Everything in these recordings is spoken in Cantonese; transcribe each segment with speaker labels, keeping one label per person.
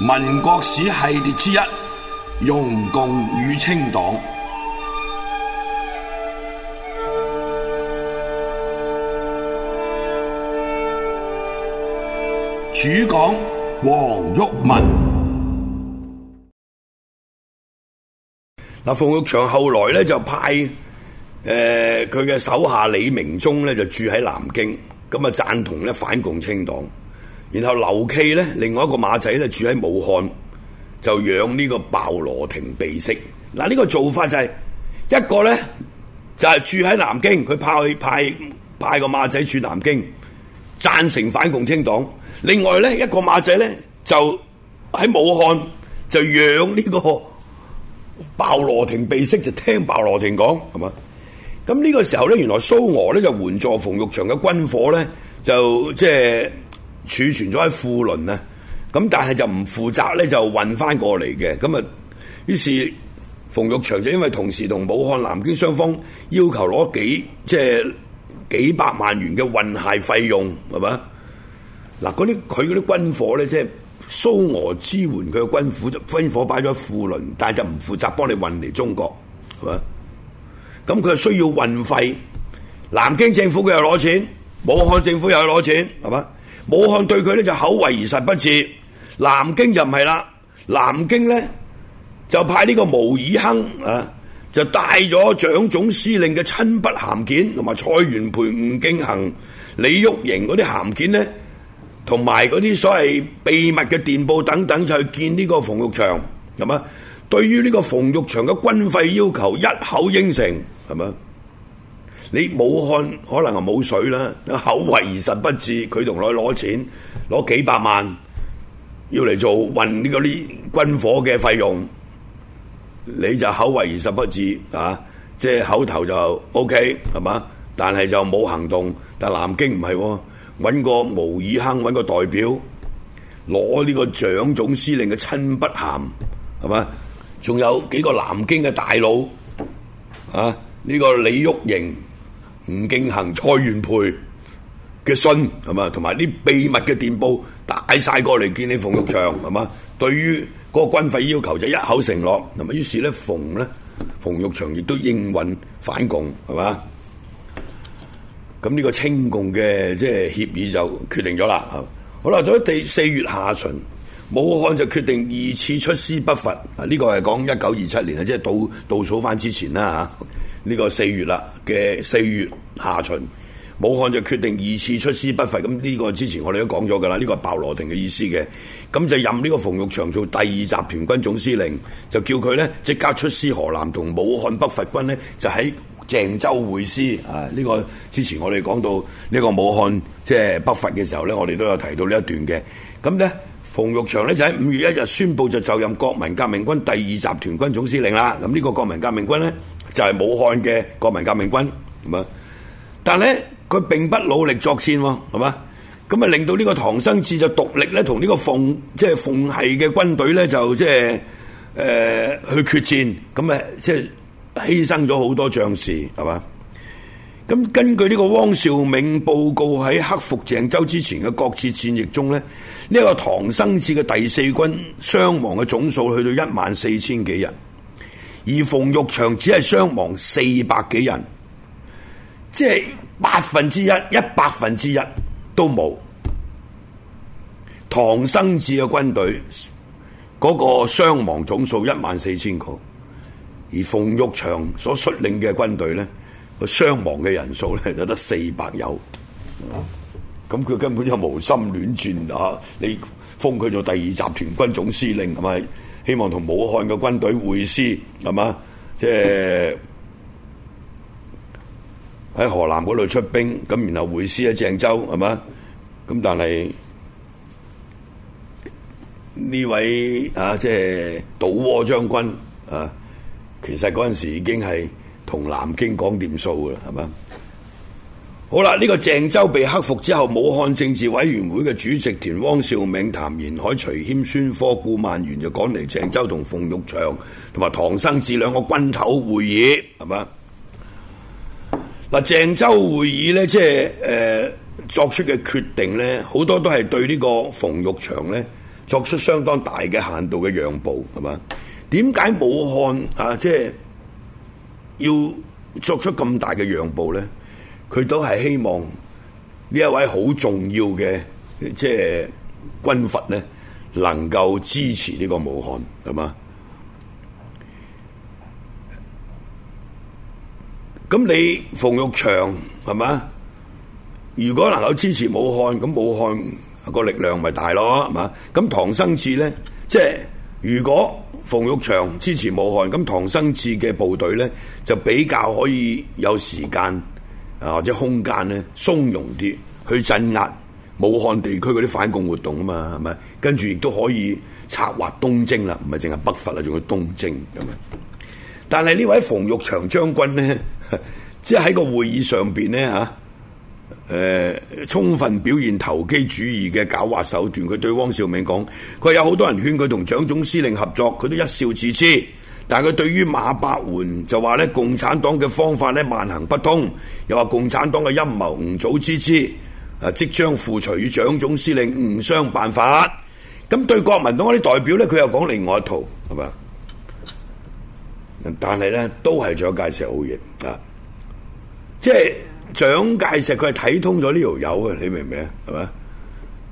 Speaker 1: 民國史系列之一，容共與清黨，主講黃毓民。嗱，馮玉祥後來咧就派誒佢嘅手下李明忠咧就住喺南京，咁啊贊同咧反共清黨。然後劉 K 呢，另外一個馬仔咧住喺武漢，就養呢個鮑羅廷鼻息。嗱、這、呢個做法就係、是、一個呢，就係、是、住喺南京，佢派去派派個馬仔住南京，贊成反共清黨。另外呢，一個馬仔呢，就喺武漢，就養呢個鮑羅廷鼻息，就聽鮑羅廷講係嘛。咁呢個時候呢，原來蘇俄呢，就援助馮玉祥嘅軍火呢，就即係。就是儲存咗喺庫倫咧，咁但係就唔負責咧，就運翻過嚟嘅。咁啊，於是馮玉祥就因為同時同武漢、南京雙方要求攞幾即係幾百萬元嘅運械費用，係咪？嗱，啲佢嗰啲軍火咧，即係蘇俄支援佢嘅軍火，就軍火擺咗喺庫倫，但係就唔負責幫你運嚟中國，係咪？咁佢係需要運費，南京政府佢又攞錢，武漢政府又攞錢，係咪？武漢對佢咧就口惠而實不至。南京就唔係啦。南京咧就派呢個毛以亨啊，就帶咗蔣總司令嘅親筆函件，同埋蔡元培、吳敬恒、李玉瑩嗰啲函件呢，同埋嗰啲所謂秘密嘅電報等等，就去見呢個馮玉祥，係嘛？對於呢個馮玉祥嘅軍費要求，一口應承，係嘛？你武漢可能係冇水啦，口惠而實不至。佢同佢攞錢攞幾百萬，要嚟做運呢個啲軍火嘅費用，你就口惠而實不至啊！即係口頭就 O K 係嘛，但係就冇行動。但係南京唔係喎，揾個吳以亨，揾個代表攞呢個蔣總司令嘅親筆函係嘛？仲有幾個南京嘅大佬啊？呢、呢個李玉榮。吳敬恒、蔡元培嘅信係嘛，同埋啲秘密嘅電報帶晒過嚟見你馮玉祥係嘛，對於嗰個軍費要求就一口承諾，係嘛？於是咧，馮咧，馮玉祥亦都應允反共，係嘛？咁呢個清共嘅即係協議就決定咗啦。好啦，到咗第四月下旬，武漢就決定二次出師北伐。啊，呢個係講一九二七年啊，即係倒倒數翻之前啦吓。啊呢個四月啦嘅四月下旬，武漢就決定二次出師北伐。咁、這、呢個之前我哋都講咗㗎啦，呢、這個係鮑羅廷嘅意思嘅。咁就任呢個馮玉祥做第二集團軍總司令，就叫佢呢即刻出師河南，同武漢北伐軍呢，就喺鄭州會師。啊，呢、這個之前我哋講到呢個武漢即係北伐嘅時候呢，我哋都有提到呢一段嘅。咁呢。馮玉祥咧就喺五月一日宣布就就任國民革命軍第二集團軍總司令啦。咁呢個國民革命軍咧就係、是、武漢嘅國民革命軍，係嘛？但係咧佢並不努力作戰喎，係嘛？咁啊令到呢個唐生智就獨力咧同呢個奉即、就是、係奉係嘅軍隊咧就即係誒去決戰，咁啊即係犧牲咗好多將士，係嘛？咁根據呢個汪兆銘報告喺克復鄭州之前嘅各次戰役中咧。呢個唐生智嘅第四軍傷亡嘅總數去到一萬四千幾人，而馮玉祥只係傷亡四百幾人，即係百分之一，一百分之一都冇。唐生智嘅軍隊嗰個傷亡總數一萬四千個，而馮玉祥所率領嘅軍隊呢，個傷亡嘅人數咧就得四百有。咁佢根本就無心亂轉啊！你封佢做第二集團軍總司令，係咪希望同武漢嘅軍隊會師？係嘛，即係喺河南嗰度出兵，咁然後會師喺鄭州，係嘛？咁但係呢位啊，即係倒戈將軍啊，其實嗰陣時已經係同南京講掂數嘅，係嘛？好啦，呢、這個鄭州被克服之後，武漢政治委員會嘅主席團汪兆銘、譚延闓、徐謙、孫科、顧孟餘就趕嚟鄭州同馮玉祥同埋唐生智兩個軍頭會議，係嘛？嗱，鄭州會議呢，即係誒、呃、作出嘅決定呢，好多都係對呢個馮玉祥呢作出相當大嘅限度嘅讓步，係嘛？點解武漢啊，即係要作出咁大嘅讓步呢？佢都係希望呢一位好重要嘅，即係軍閥咧，能夠支持呢個武漢，係嘛？咁你馮玉祥係嘛？如果能夠支持武漢，咁武漢個力量咪大咯，係嘛？咁唐生智咧，即係如果馮玉祥支持武漢，咁唐生智嘅部隊咧，就比較可以有時間。啊，或者空間咧鬆容啲，去鎮壓武漢地區嗰啲反共活動啊嘛，係咪？跟住亦都可以策劃東征啦，唔係淨係北伐啦，仲要東征咁樣。但係呢位馮玉祥將軍咧，即係喺個會議上邊咧嚇，誒、啊呃、充分表現投機主義嘅狡猾手段。佢對汪兆銘講，佢有好多人勸佢同蔣總司令合作，佢都一笑置之。但係佢對於馬伯援就話咧共產黨嘅方法咧萬行不通，又話共產黨嘅陰謀唔早知之，啊即將附除於蔣總司令唔相辦法。咁對國民黨嗰啲代表咧，佢又講另外一套，係嘛？但係咧，都係蔣介石好型啊！即係蔣介石，佢係睇通咗呢條友嘅，你明唔明啊？係咪？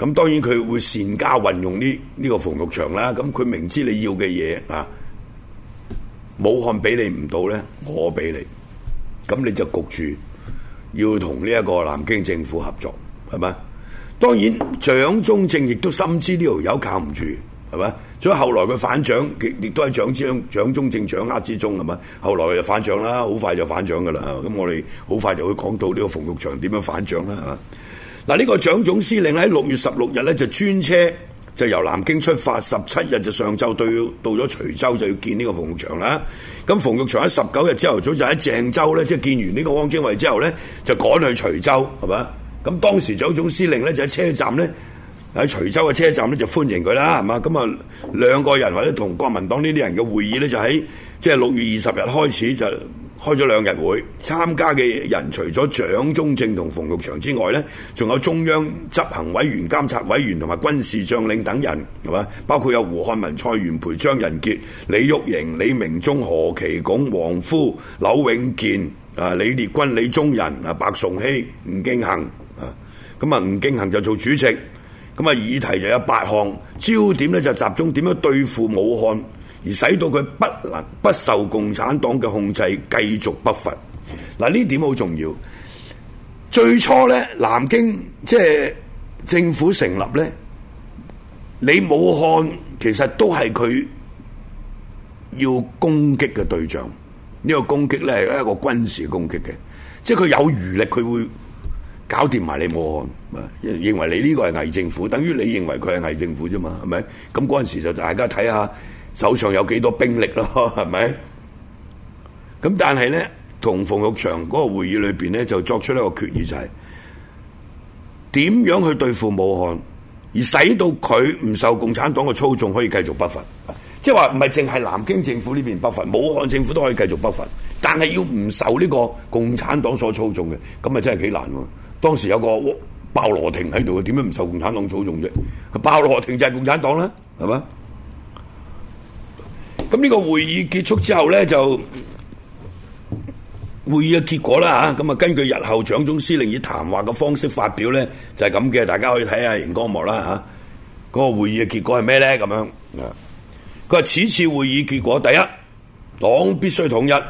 Speaker 1: 咁當然佢會善加運用呢呢個馮玉祥啦。咁佢明知你要嘅嘢啊！武漢俾你唔到咧，我俾你，咁你就焗住要同呢一個南京政府合作，係咪？當然蔣中正亦都深知呢條友靠唔住，係咪？所以後來佢反蔣，亦亦都喺蔣蔣蔣中正掌握之中，係嘛？後來就反蔣啦，好快就反蔣噶啦，咁我哋好快就會講到呢個馮玉祥點樣反蔣啦，係嘛？嗱，呢個蔣總司令喺六月十六日咧就專車。就由南京出發，十七日就上晝到到咗徐州，就要見呢個馮玉祥啦。咁馮玉祥喺十九日朝頭早就喺鄭州咧，即係見完呢個汪精衛之後咧，就趕去徐州，係嘛？咁當時蔣總司令咧就喺車站咧，喺徐州嘅車站咧就歡迎佢啦，係嘛？咁啊兩個人或者同國民黨呢啲人嘅會議咧，就喺即係六月二十日開始就。開咗兩日會，參加嘅人除咗蔣中正同馮玉祥之外呢，仲有中央執行委員、監察委員同埋軍事將領等人，係嘛？包括有胡漢民、蔡元培、張人傑、李玉瑩、李明忠、何其拱、王夫、柳永健、啊李烈鈞、李宗仁、啊白崇禧、吳敬恆啊，咁啊吳敬恆就做主席，咁啊議題就有八項，焦點呢就集中點樣對付武漢。而使到佢不能不受共產黨嘅控制，繼續北伐。嗱、啊，呢點好重要。最初咧，南京即係政府成立咧，你武漢其實都係佢要攻擊嘅對象。呢、呢個攻擊咧係一個軍事攻擊嘅，即係佢有餘力，佢會搞掂埋你武漢。認為你呢個係偽政府，等於你認為佢係偽政府啫嘛，係咪？咁嗰陣時就大家睇下。手上有幾多兵力咯？係咪？咁但係咧，同馮玉祥嗰個會議裏邊咧，就作出一個決議，就係、是、點樣去對付武漢，而使到佢唔受共產黨嘅操縱，可以繼續北伐。即係話唔係淨係南京政府呢邊北伐，武漢政府都可以繼續北伐，但係要唔受呢個共產黨所操縱嘅，咁啊真係幾難喎。當時有個鮑羅、哦、廷喺度，點解唔受共產黨操縱啫？鮑羅廷就係共產黨啦，係嘛？咁呢個會議結束之後呢，就會議嘅結果啦吓，咁啊根據日後蔣總司令以談話嘅方式發表呢，就係咁嘅，大家可以睇下熒光幕啦吓，嗰、啊這個會議嘅結果係咩呢？咁樣，佢話此次會議結果，第一，黨必須統一，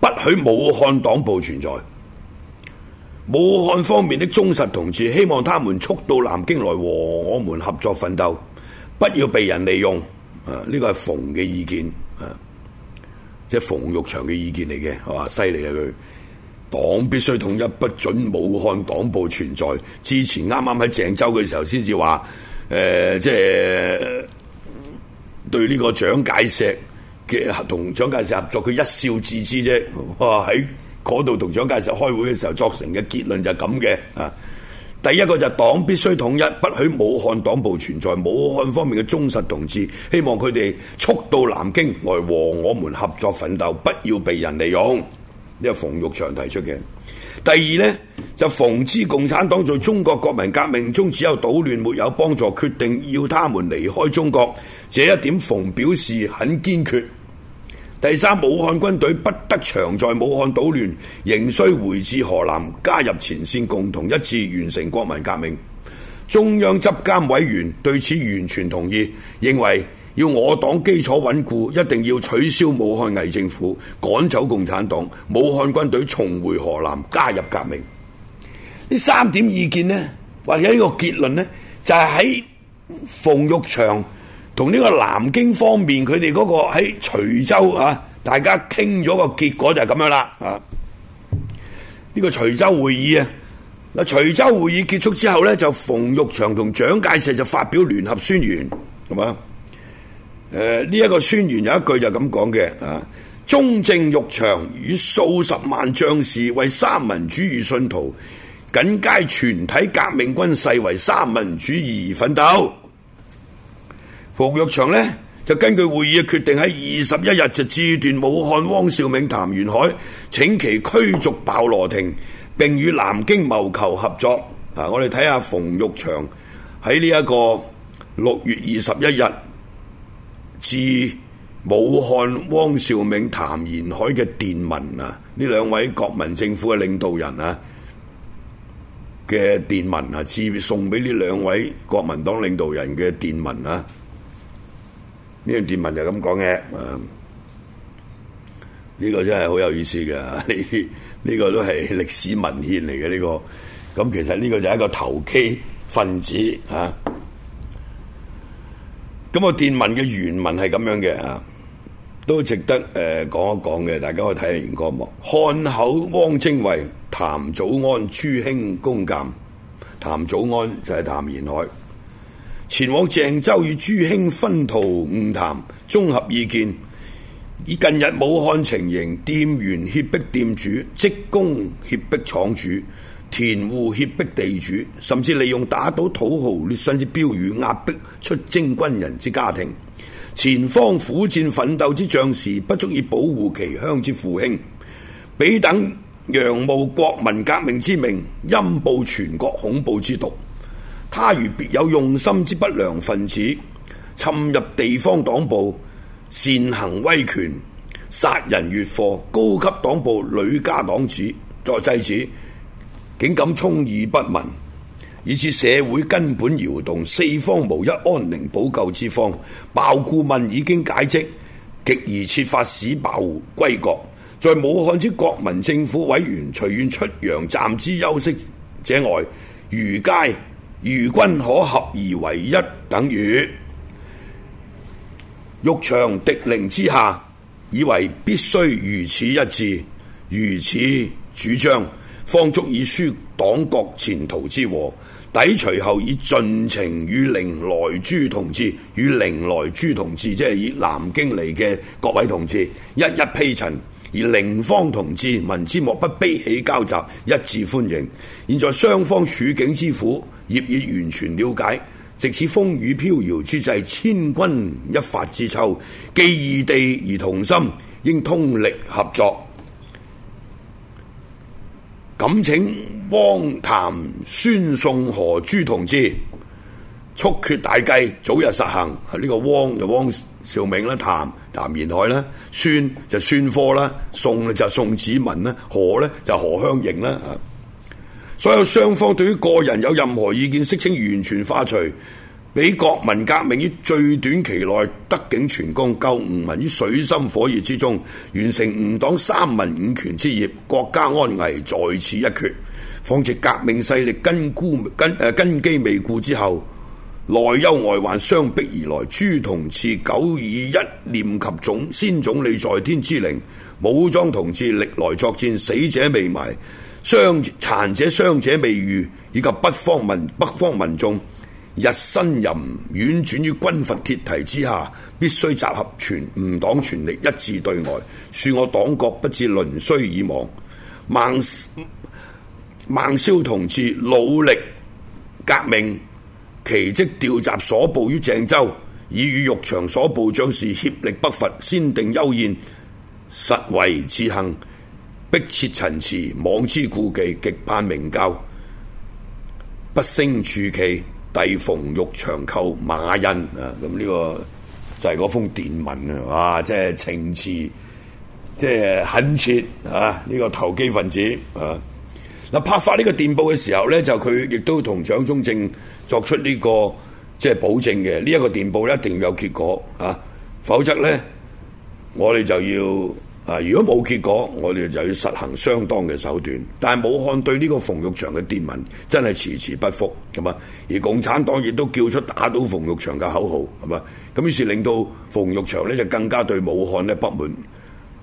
Speaker 1: 不許武漢黨部存在。武漢方面的忠實同志，希望他們速到南京來和我們合作奮鬥，不要被人利用。啊！呢個係馮嘅意見啊，即係馮玉祥嘅意見嚟嘅，係嘛？犀利啊！佢黨必須統一，不准武漢黨部存在。之前啱啱喺鄭州嘅時候，先至話誒，即係對呢個蔣介石嘅同蔣介石合作，佢一笑置之啫。哇喺嗰度同蔣介石開會嘅時候，作成嘅結論就係咁嘅啊。第一個就係黨必須統一，不許武漢黨部存在。武漢方面嘅忠實同志，希望佢哋速到南京來和我們合作奮鬥，不要被人利用。呢個係馮玉祥提出嘅。第二呢，就馮知共產黨在中國國民革命中只有搗亂，沒有幫助，決定要他們離開中國。這一點馮表示很堅決。第三，武漢軍隊不得長在武漢搗亂，仍需回至河南加入前綫，共同一致完成國民革命。中央執監委員對此完全同意，認為要我黨基礎穩固，一定要取消武漢偽政府，趕走共產黨，武漢軍隊重回河南加入革命。呢三點意見呢，或者呢個結論呢，就係喺馮玉祥。同呢個南京方面，佢哋嗰個喺徐州啊，吧大家傾咗個結果就係咁樣啦啊！呢、這個徐州會議啊，嗱徐州會議結束之後咧，就馮玉祥同蔣介石就發表聯合宣言，係嘛？誒、呃，呢、這、一個宣言有一句就咁講嘅啊，中正玉祥與數十萬將士為三民主義信徒，緊皆全體革命軍誓為三民主義而奮鬥。馮玉祥呢，就根據會議嘅決定，喺二十一日就致電武漢汪兆銘、譚延闓，請其驅逐鮑羅廷，並與南京謀求合作。啊，我哋睇下馮玉祥喺呢一個六月二十一日致武漢汪兆銘、譚延闓嘅電文啊，呢兩位國民政府嘅領導人啊嘅電文啊，致送俾呢兩位國民黨領導人嘅電文啊。呢段電文就咁講嘅，呢、啊這個真係好有意思嘅，呢啲呢個都係歷史文獻嚟嘅呢個。咁、啊、其實呢個就一個投機分子啊。咁、啊、個電文嘅原文係咁樣嘅啊，都值得誒講、呃、一講嘅。大家可以睇下原歌幕。漢口汪精衛、譚祖安、諸卿公鑑，譚祖安就係譚延闓。前往鄭州與朱興分途晤談，綜合意見。以近日武漢情形，店員脅迫店主，職工脅迫廠主，田戶脅迫地主，甚至利用打倒土豪劣紳之標語壓迫出征軍人之家庭。前方苦戰奮鬥之將士，不足以保護其鄉之父兄，彼等仰慕國民革命之名，陰報全國恐怖之毒。他如別有用心之不良分子，侵入地方黨部，擅行威權，殺人越貨；高級黨部屢加黨處，在制止，竟敢充耳不聞，以致社會根本搖動，四方無一安寧補救之方。鮑顧問已經解職，極而設法使鮑歸國。在武漢之國民政府委員除願出洋暫之休息者外，餘皆。如君可合而為一等於，等於欲強敵凌之下，以為必須如此一致，如此主張，方足以舒黨國前途之禍。抵除後，以盡情與寧來諸同志，與寧來諸同志，即係以南京嚟嘅各位同志，一一披陳。而寧方同志，聞之莫不悲喜交集，一致歡迎。現在雙方處境之苦。業已完全了解，即使風雨飄搖之際，之在千鈞一髮之秋，既異地而同心，應通力合作。咁請汪、譚、孫、宋、何、朱同志，速決大計，早日實行。呢、這個汪，汪少就汪兆銘啦，譚譚延闓啦，孫就孫科啦，宋就宋子文啦，何呢？就何香凝啦。所有雙方對於個人有任何意見，悉請完全化除。俾國民革命於最短期內得竟全功，救吾民於水深火熱之中，完成吾黨三民五權之業，國家安危在此一決。況且革命勢力根固根誒根基未固之後，內憂外患相逼而來，諸同志久已一念及總先總理在天之靈，武裝同志歷來作戰，死者未埋。傷殘者、傷者未癒，以及北方民北方民眾日呻吟輾轉於軍閥鐵蹄之下，必須集合全吾黨全力，一致對外，恕我黨國不至淪胥以亡。孟孟蕭同志努力革命，奇蹟調集所部於鄭州，已與玉祥所部將士協力北伐，先定幽燕，實為至幸。迫切陳詞，妄之故技，極盼明教，不勝處期，弟馮玉祥叩馬寅啊！咁、這、呢個就係嗰封電文啊！哇，即係情詞，即係懇切啊！呢、這個投機分子啊，嗱，拍發呢個電報嘅時候咧，就佢亦都同蔣中正作出呢、這個即係保證嘅，呢、這、一個電報一定有結果啊，否則咧，我哋就要。啊！如果冇結果，我哋就要實行相當嘅手段。但係武漢對呢個馮玉祥嘅電文真係遲遲不覆，咁啊！而共產黨亦都叫出打倒馮玉祥嘅口號，係嘛？咁於是令到馮玉祥咧就更加對武漢呢不滿，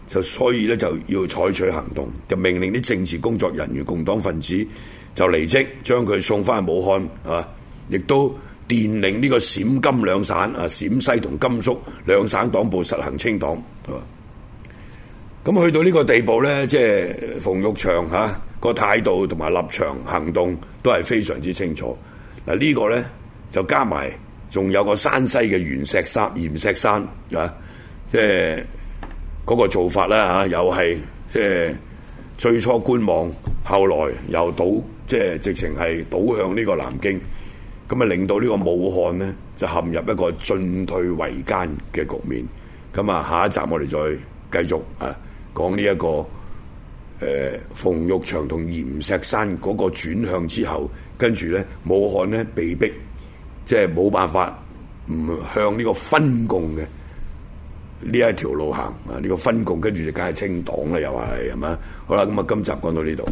Speaker 1: 就所以咧就要採取行動，就命令啲政治工作人員、共黨分子就離職，將佢送翻去武漢，係嘛？亦都電令呢個陝甘兩省啊，陝西同甘肅兩省黨部實行清黨，係嘛？咁去到呢個地步咧，即係馮玉祥嚇個態度同埋立場行動都係非常之清楚。嗱呢個咧就加埋仲有個山西嘅閻錫山，閻錫山啊，即係嗰個做法啦嚇，又係即係最初觀望，後來又倒即係直情係倒向呢個南京，咁啊令到呢個武漢咧就陷入一個進退維艱嘅局面。咁啊下一集我哋再繼續啊！講呢一個誒，馮、呃、玉祥同閻錫山嗰個轉向之後，跟住咧武漢咧被逼，即係冇辦法唔向呢個分共嘅呢一條路行啊！呢、這個分共跟住就梗係清黨啦，又係係嘛？好啦，咁啊今集講到呢度。